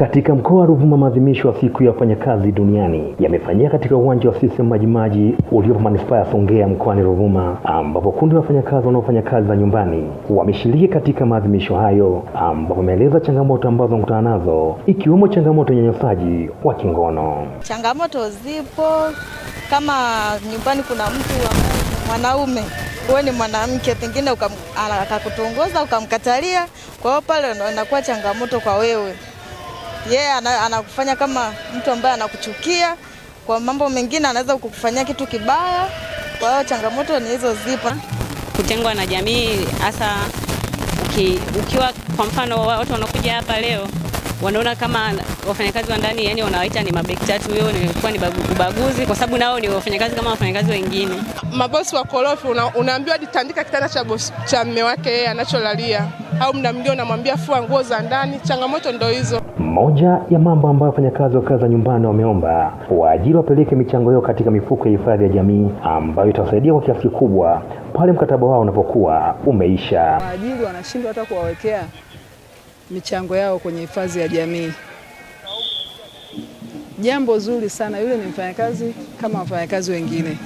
Katika mkoa wa Ruvuma, maadhimisho ya siku ya wafanyakazi duniani yamefanyika katika uwanja wa CCM Majimaji uliopo manispaa ya Songea mkoani Ruvuma, ambapo kundi la wafanyakazi wanaofanya kazi za nyumbani wameshiriki katika maadhimisho hayo, ambapo wameeleza changamoto ambazo wanakutana nazo ikiwemo changamoto ya unyanyasaji wa kingono. Changamoto zipo kama nyumbani kuna mtu mwanaume wewe ni mwanamke, pengine akakutongoza ukamkatalia, kwa hiyo pale inakuwa changamoto kwa wewe yeye yeah, anakufanya kama mtu ambaye anakuchukia. Kwa mambo mengine anaweza kukufanyia kitu kibaya. Kwa hiyo changamoto ni hizo zipo, kutengwa na jamii, hasa uki, ukiwa kwa mfano watu wanakuja hapa leo wanaona kama wafanyakazi wa ndani yani wanawaita ni mabeki tatu, hiyo nilikuwa ni ubaguzi, kwa sababu nao ni wafanyakazi kama wafanyakazi wengine. Mabosi wakorofi, unaambiwa una kitanda cha bosi cha mme wake yeye anacholalia au mna mnamlia unamwambia fua nguo za ndani. Changamoto ndo hizo. Moja ya mambo ambayo wafanyakazi wa kazi za nyumbani wameomba waajiri wapeleke michango yao katika mifuko ya hifadhi ya jamii ambayo itawasaidia kwa kiasi kikubwa pale mkataba wao unapokuwa umeisha. Waajiri wanashindwa hata kuwawekea michango yao kwenye hifadhi ya jamii. Jambo zuri sana, yule ni mfanyakazi kama wafanyakazi wengine,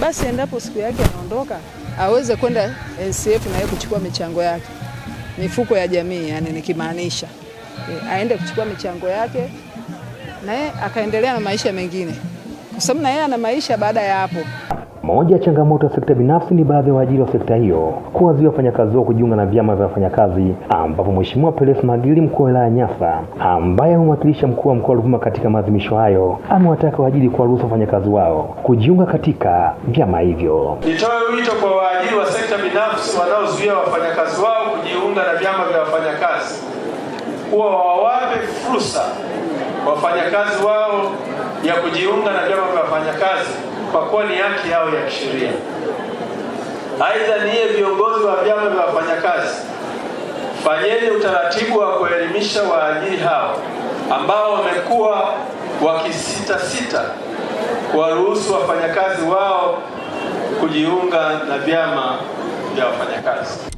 basi endapo siku yake anaondoka aweze kwenda NCF na yeye kuchukua michango yake mifuko ya jamii, yani nikimaanisha e, aende kuchukua michango yake naye akaendelea na maisha mengine, kwa sababu na yeye ana maisha baada ya hapo. Moja ya changamoto ya sekta binafsi ni baadhi ya waajiri wa sekta hiyo kuwazuia wafanyakazi wao kujiunga na vyama vya wafanyakazi, ambapo Mheshimiwa Peles Magili, mkuu wa wilaya ya Nyasa, ambaye amemwakilisha mkuu wa mkoa wa Ruvuma katika maadhimisho hayo, amewataka waajiri kuwaruhusu wafanyakazi wao kujiunga katika vyama hivyo. Nitoe wito kwa waajiri wa sekta binafsi wanaozuia wafanyakazi wao kujiunga na vyama vya wafanyakazi kuwa wawape fursa wafanyakazi wao ya kujiunga na vyama vya wafanyakazi kwa kuwa ni haki yao ya kisheria. Aidha, niye viongozi wa vyama vya wafanyakazi, fanyeni utaratibu wa kuelimisha waajiri hao ambao wamekuwa wakisitasita kuwaruhusu wafanyakazi wao kujiunga na vyama vya wafanyakazi.